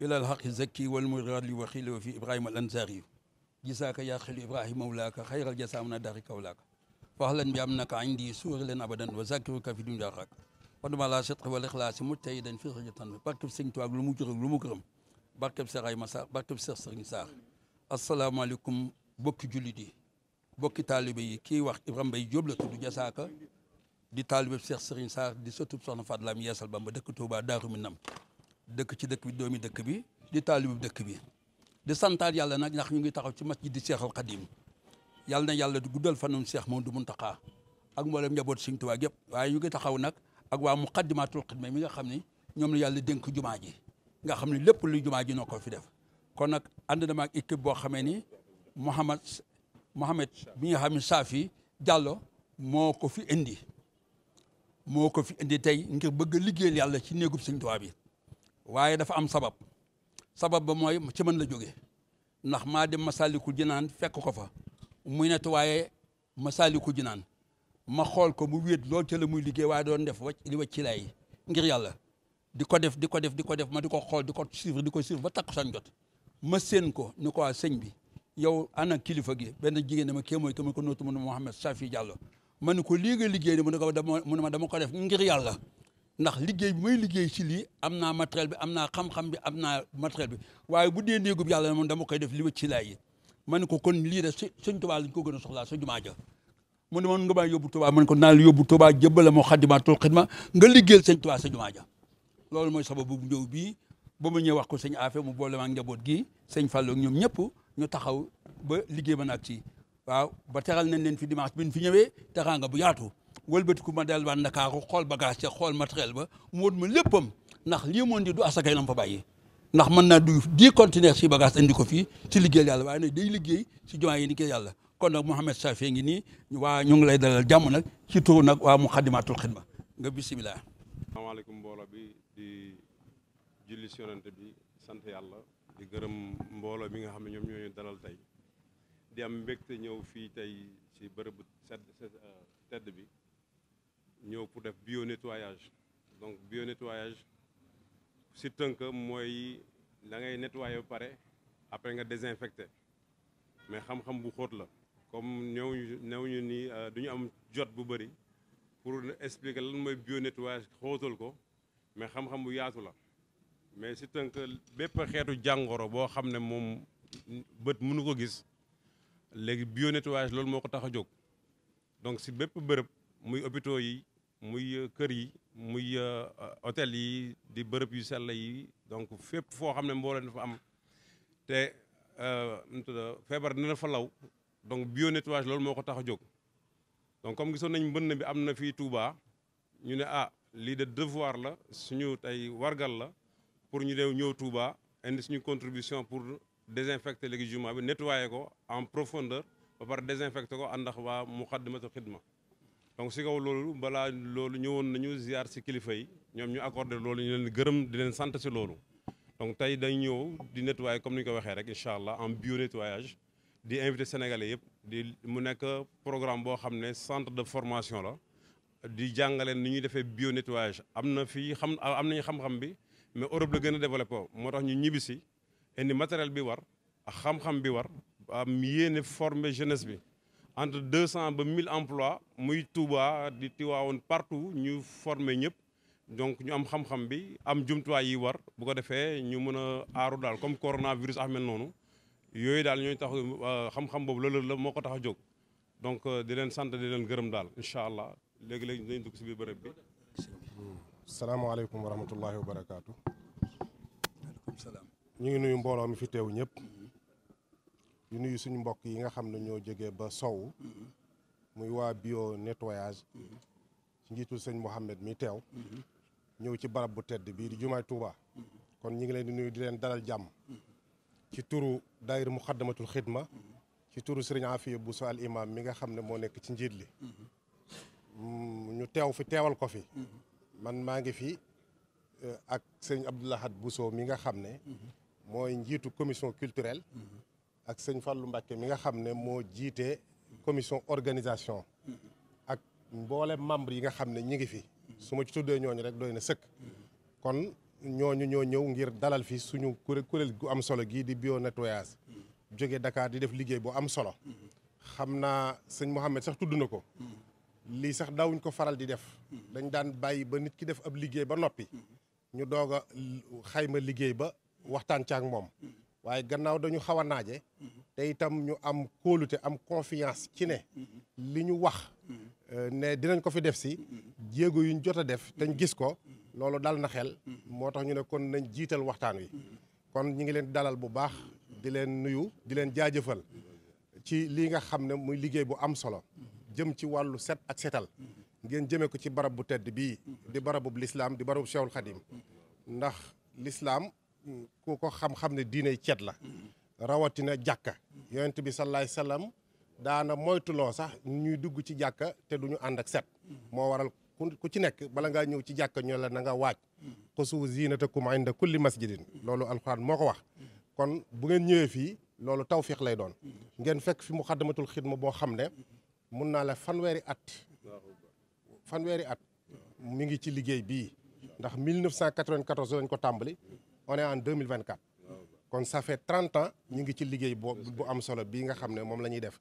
ila alhaqi zakki walmurali wa xili wa fi ibrahima al ansari gisaaka yaa xilu ibrahima mawlaaka xayral jasaam na dari kawlaaka fahlan bi am naka indi suuri leen abadan wa zakkiruka fi dunya rak faduma la sidqi wal ixlaasi mujtahidan fi xëjatan barkeb sëñ tuwaag lu mu jurëg lu mu gërëm barkeb saray ma saax barkeb seex sëriñ saax asalaamaaleykum bokki jullit yi bokki taalibe yi kii wax Ibrahima Mbaye Diop la tudd jasaaka di taalibe seex sëriñ saax di sëtub soxna Fadlaam yeesal Bamba dëkk Tuubaa Daaru Minam dëkk ci dëkk bi doomi dëkk bi di taalibu dëkk bi di santaat yàlla nag ndax ñu ngi taxaw ci masjid di Seexal Xadim yàlla na yàlla di guddal fanum Seex moom du Muntaxa ak mboolem njaboot Sëñ Tuubaa yëpp waaye ñu ngi taxaw nag ak waa Muqaddimatul Xidma mi nga xam ni ñoom la yàlla dénk jumaa ji nga xam ni lépp luy jumaa ji noo ko fi def kon nag ànd na ma ak boo xamee ni Mouhamad Mouhamad bi nga xam ne Safi Diallo moo ko fi indi moo ko fi indi tey ngir bëgg liggéeyal yàlla ci néegub Sëñ Tuubaa bi waaye dafa am sabab sabab ba mooy ci mën la joge ndax maa dem Masaalikul Jinaan fekk ko fa muy net waaye Masaalikul Jinaan ma xool ko mu wéet lool ca la muy liggéey waaye doon def wacc li ci lay ngir yàlla di ko def di ko def di ko def ma di ko xool di ko suivre di ko suivre ba takku san jot ma séen ko ni ko a sëñ bi yow ana kilifa gi benn jigéen dama kee mooy ke ma ko nootu mun Mouhamed Safi Diallo ma ne ko lii nga liggéey mu ne ko dama mu ma dama ko def ngir yàlla ndax liggéey bi liggéey ci lii am naa matériel bi am na xam-xam bi am naa matériel bi waaye bu dee néegub yàlla moom dama koy def li wëcc ci laay yi ma ne ko kon lii de sëñ Tuubaa lañ ko gën a soxlaa sa jumaa ja mu ne man nga maa yóbbu Tuubaa ma ne ko naa la yóbbu Tuubaa jëbbale moo xadimaatul xidma nga liggéeyal sëñ Tuubaa sa jumaa ja loolu mooy sababu bu ñëw bii ba mu ñëw wax ko sëñ Afe mu boole maa njaboot gi sëñ Fallou ak ñoom ñëpp ñu taxaw ba liggéey ba nag ci waaw ba teral nañ leen fi dimanche bi ñu fi ñëwee teraanga bu yaatu wëlbatiku ma dellu waat Ndakaaru xool bagage ca xool matériel ba mu ma léppam ndax lii moon di du asakay lam fa bàyyi ndax mën naa du dix conteneurs si bagage andi ko fii ci liggéeyal yàlla waaye nag day liggéey si jumaa yi liggéey yàlla kon nag Mouhamed Safi ngi nii waa ñu ngi lay dalal jàmm nag ci turu nag waa Muxaddamatul Xidma nga bisimilah. asalaamaaleykum mbooloo bi di julli si bi sant yàlla di gërëm mbooloo mi nga xam ne ñoom ñoo dalal tey di am mbégte ñëw fii tey si bërëbu sedd tedd bi ñëw pour def bio nettoyage donc bio nettoyage si tënk mooy da ngay bu pare après nga désinfecté mais xam-xam bu xóot la comme ñëw ñëw ñu ni euh, du ñu am jot bu bëri pour expliquer lan mooy bio nettoyage xóotal ko mais xam-xam bu yaatu la mais si tënk bépp xeetu jàngoro boo xam ne moom bët mënu ko gis léegi bio nettoyage loolu moo ko tax a jóg donc si bépp bërëb muy hôpitaux yi muy euh, kër yi muy euh, hôtel yi di bërëb yu sell yi donc fépp foo xam ne mbooloo fa am te euh, feebar dina fa law donc bio nettoyage loolu moo ko tax a jóg donc comme gisoon nañ mbënn bi am na fii Touba ñu ne ah lii de devoir la suñu tey wargal la pour ñu dew ñëw Touba indi suñu contribution pour désinfecter léegi jumaa bi nettoyer ko en profondeur ba pare désinfecter ko àndax waa Muxaddamatul Xidma donc si kaw loolu balaa loolu ñëwoon nañu ziar si kilifa yi ñoom ñu accordé loolu ñu leen gërëm di leen sant si loolu. donc tey dañ ñëw di nettoyer comme ni ñu ko waxee rek incha allah en bio nettoyage di invité sénégalais yëpp di mu nekk programme boo xam ne centre de formation la. di jàngale ni ñuy defee bio nettoyage am na fii xam am nañu xam-xam bi mais Europe la gën a développé moo tax ñu ñibbi si indi matériel bi war ak xam-xam bi war am yéene former jeunesse bi. entre deux cent ba mille emplois muy Touba di Tiwaawoon partout ñu former ñëpp donc ñu am xam-xam bi am jumtuwaay yi war bu ko defee ñu mën a aaru daal comme coronavirus amel noonu yooyu daal ñooy tax euh, xam-xam boobu loolu la moo ko tax a jóg donc euh, di leen sant di leen gërëm daal incha allah léegi-léegi dinañ dugg si biir bërëb bi. salaamaaleykum wa rahmatullahi wa barakaatu. waaleykum salaam. ñu ngi nuyu mbooloo mi fi teewu ñëpp. yu nuyu suñu mbokk yi nga xam ne ñoo jógee ba sow muy waa bio nettoyage ci njiitul sëñ Mouhamed mi teew ñëw ci barab bu tedd bii di jumaay Touba kon ñi ngi leen di nuyu di leen dalal jàmm ci turu daayir muxaddamatul xidma ci turu sëriñ Afiya Bousso al imam mi nga xam ne moo nekk ci njiit li ñu teew fi teewal ko fi man maa ngi fi eh, ak sëriñ Abdoulahad Bousso mi nga xam ne mooy njiitu commission culturel ak sëñ Fallou Mbacke mi nga xam ne moo jiite commission organisation ak mboole membre yi nga xam ne ñi ngi fi su ma ci tuddee ñooñu rek doy na sëkk kon ñooñu ñoo ñëw ngir dalal fi suñu kuréel gu am solo gii di bio nettoyage jóge dakaar di def liggéey boo am solo xam naa sëñ Mouhamed sax tudd na ko lii sax daawuñ ko faral di def dañ daan bàyyi ba nit ki def ab liggéey ba noppi ñu doog a xayma liggéey ba waxtaan ca ak moom waaye gannaaw dañu xaw a naaje tey itam ñu am kóolute am confiance ci ne li ñu wax euh, ne dinañ ko fi def si jéego yuñ jot a def te ñu gis ko loolu dal na xel moo tax ñu ne kon nañ jiital waxtaan wi kon ñu ngi leen dalal bu baax di leen nuyu di leen jaajëfal ci lii nga xam ne muy liggéey bu am solo jëm ci wàllu set ak setal ngeen jëmee ko ci barab bu tedd bii di barabub lislaam di barabub Cheikhul Khadim ndax lislaam ku ko xam-xam ne diiney ceet la rawatina jàkka yonent bi salaay salaam daana moytuloo sax ñuy dugg ci jàkka te du ñu ànd ak set moo waral ku ci nekk bala ngaa ñëw ci jàkka ñoo la na nga na xusu zinatakum inda kulli masjidin loolu alxuraan moo ko wax kon bu ngeen ñëwee fii loolu tawfiix lay doon ngeen fekk fi mu muxaddamatul xidma boo xam ne mun naa la fanweeri at fanweeri at mi ngi ci liggéey bii ndax 1994 lañ ko tàmbali on mille en 2024 kon ça fait 30 ans ñu ngi ci liggéey boobu bu am solo bii nga xam ne moom la ñuy def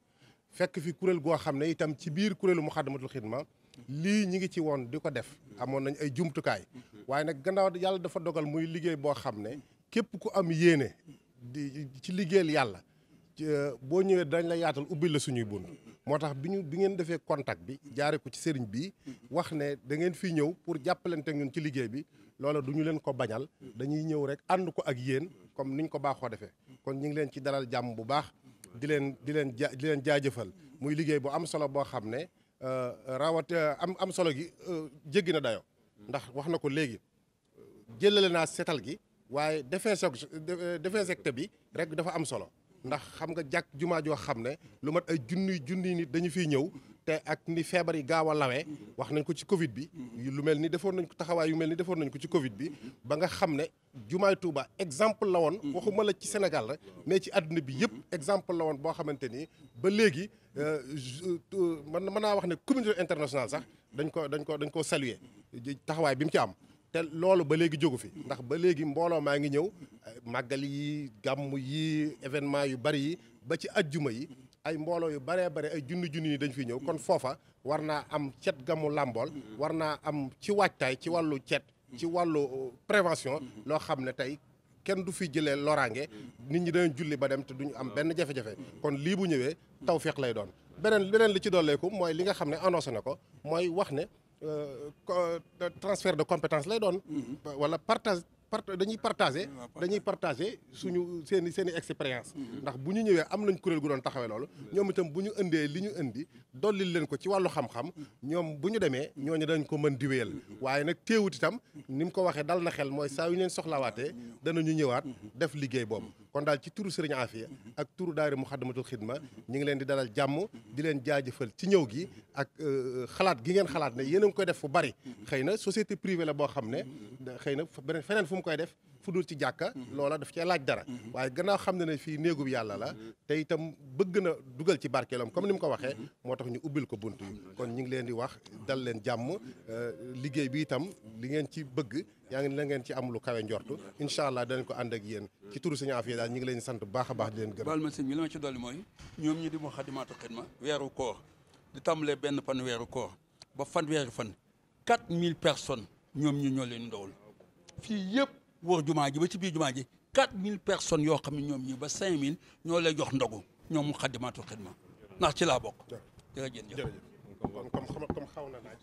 fekk fi kuréel goo xam ne itam ci biir kuréelu Muxaddamatul Xidma lii ñi ngi ci woon di ko def amoon nañ ay jumtukaay waaye nag gannaaw yàlla dafa dogal muy liggéey boo xam ne képp ku am yéene di ci liggéeyal yàlla euh, boo ñëwee dañ la yaatal ubbil la suñuy bunt moo tax bi ñu bi ngeen defee contact bi jaare ko ci sëriñ bi wax ne da ngeen fii ñëw pour jàppalante ñun ci liggéey bi loola du ñu leen ko bañal dañuy ñëw rek ànd ko ak yéen comme niñ ko baaxoo defee kon ñu ngi leen ci dalal jàmm bu baax di leen di leen ja jaajëfal muy liggéey bu am solo boo xam ne euh, rawat am am solo gi euh, jéggi na dayo ndax wax na ko léegi jëlale naa setal gi waaye désinfecté bi rek dafa am solo ndax xam nga jàkk jumaa joo xam ne lu mat ay junniy junni nit dañu fiy ñëw te ak ni feebar yi gaaw a lawee wax nañ ko ci Covid bi mm-hmm. lu mel ni defoon nañ ko taxawaay yu mel ni defoon nañ ko ci Covid bi mm-hmm. ba nga xam ne jumaay Touba exemple la woon mm-hmm. waxuma la ci Sénégal rek mais ci àdduna bi yëpp exemple la woon boo xamante ni ba léegi euh, euh, man mën naa wax ne communauté internationale sax dañ ko dañ ko dañ ko saluer taxawaay bi mu ci am te loolu ba léegi jógu fi ndax ba léegi mbooloo maa ngi ñëw màggal yi gàmm yi événement yu bari yi ba ci at ajjuma yi ay mbooloo yu baree bare ay junni junni yi dañ fi ñëw kon foofa war naa am cet gamu làmbool war naa am ci waajtaay ci wàllu cet ci wàllu euh, prévention loo xam ne tey kenn du fi jëlee loraange nit ñi dañu julli ba dem te duñu am benn jafe-jafe kon lii bu ñëwee tawféex lay doon beneen beneen li ci ko mooy li nga xam ne annoncé na ko mooy wax ne euh, transfert de compétence lay doon mm-hmm. wala partage part dañuy partagé dañuy partagé suñu seen i seen i expérience mm-hmm. ndax bu ñu ñëwee am nañ kuréel gu doon taxawee loolu mm-hmm. ñoom itam bu ñu indee li ñu indi dollil leen ko ci wàllu xam-xam mm-hmm. ñoom bu ñu demee ñoo ñu dañ ko mën di waaye nag teewut itam ni mu ko waxee dal na xel mooy saa yu leen soxlawaatee danañu ñëwaat def liggéey boobu kon daal ci turu Serigne Afia ak turu daayira Muxaddamatul Xidma ñu ngi leen di dalal jàmm di leen jaajëfal ci ñëw gi ak euh, xalaat gi ngeen xalaat ne yéen a ngi koy def fu bari xëy na société privée boo xam ne xëy na beneen feneen fu mu koy def fu dul ci jàkka mhm. loola daf cee laaj dara mhm. waaye gannaaw xam ne ne fii néegub yàlla la mhm. te itam bëgg na dugal ci barkeelam comme ni mu ko waxee moo tax ñu ubbil ko bunt yi kon ñu ngi leen di wax dal leen jàmm euh, liggéey bi itam li ngeen ci bëgg yaa ngi na ngeen ci am lu kawe njortu incha allah danañ ko ànd ak yéen ci turu Sëñ Afiya daal ñu ngi leen sant bu baax a baax di leen gërëm baal ma sëñ bi la ma ci dolli mooy ñoom ñi di weeru koor di tàmbalee benn fan weeru koor ba fan weeru fan quatre mille personnes ñoom ñu ñoo leen ndawul fii yëpp wër jumaa ji ba ci biir jumaa ji 4000 personnes yoo xam ne ñoom ñi ba 5000 ñoo lay jox ndogu ñoom mu xaddimaatul xidma ndax ci laa bokk. jërëjëf jërëjëf kon comme xaw na laaj.